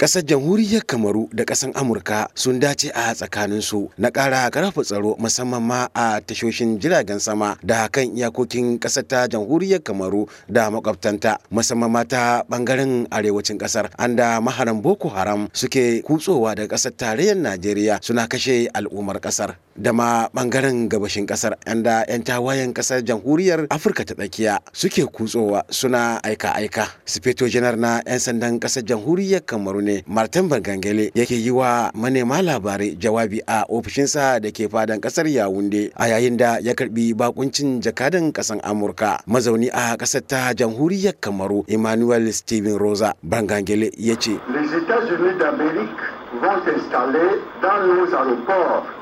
Ƙasar jamhuriyar Kamaru da ƙasar Amurka sun dace a tsakanin su na ƙara karfa tsaro musamman ma a tashoshin jiragen sama da kan iyakokin kasar ta jamhuriyar Kamaru da makwabtanta musamman ma ta ɓangaren arewacin ƙasar anda da maharan Boko Haram suke kutsowa daga ƙasar tarayyar Najeriya suna kashe al'ummar ƙasar. da ma bangaren gabashin kasar yanda 'yan tawayen kasar jamhuriyar afirka ta tsakiya suke kutsowa suna aika-aika sufeto janar na 'yan sandan kasar jamhuriyar kamaru ne martin bangangele yake yi wa manema labarai jawabi a ofishinsa da ke fadan kasar yawunde a yayin da ya karbi bakuncin jakadan kasan amurka mazauni a kasar ta jamhuriyar kamaru emmanuel steven rosa bangangele ya ce Les États-Unis d'Amérique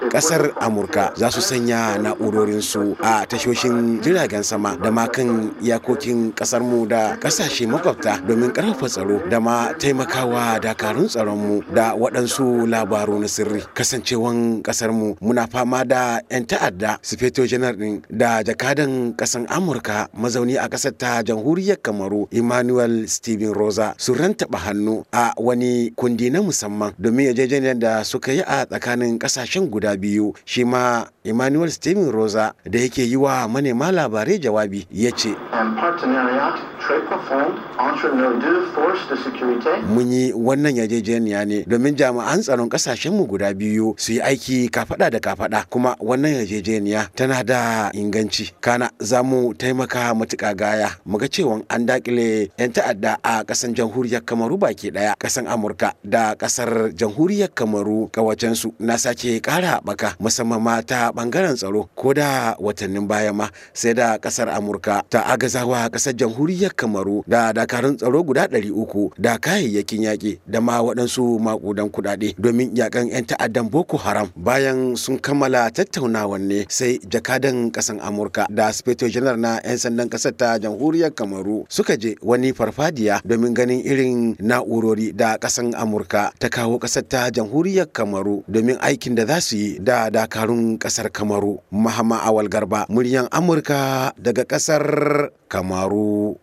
Kasar Amurka za su sanya na'urorinsu a tashoshin jiragen sama da ma kan iyakokin mu da kasashe makwabta domin karfafa tsaro da ma taimakawa dakarun tsaronmu da waɗansu labaru na sirri. Kasancewan kasarmu muna fama da 'yan ta'adda sufeto janar ɗin da jakadan ƙasar Amurka mazauni a ƙasar ta jamhuriyar Kamaru Emmanuel Steven Rosa sun rantaba hannu a wani kundi na musamman domin domin yarjejeniyar da suka yi a tsakanin kasashen guda biyu shi ma emmanuel steven rosa da yake yi wa manema labarai jawabi ya ce mun yi wannan yarjejeniya ne domin jami'an tsaron kasashenmu guda biyu su yi aiki kafada da kafada kuma wannan yarjejeniya tana da inganci kana za mu taimaka matuka gaya muga cewan an dakile 'yan ta'adda a ƙasan jamhuriyar kamaru baki daya kasar amurka da kasar jamhuriyar jamhuriyar kamaru kawacensu na sake kara baka musamman ma ta bangaren tsaro ko da watannin baya ma sai da kasar amurka ta agazawa kasar jamhuriyar kamaru da dakarun tsaro guda 300 da kayayyakin yaƙi da ma waɗansu maƙudan kuɗaɗe domin yakan 'yan ta'addan boko haram bayan sun kammala tattaunawan ne sai jakadan ƙasan amurka da speto janar na 'yan sandan ƙasar ta jamhuriyar kamaru suka je wani farfadiya domin ganin irin na'urori da ƙasan amurka ta kawo ƙasar siyasar ta jamhuriyar kamaru domin aikin da za su yi da dakarun ƙasar kamaru mahama awal garba muryan amurka daga ƙasar kamaru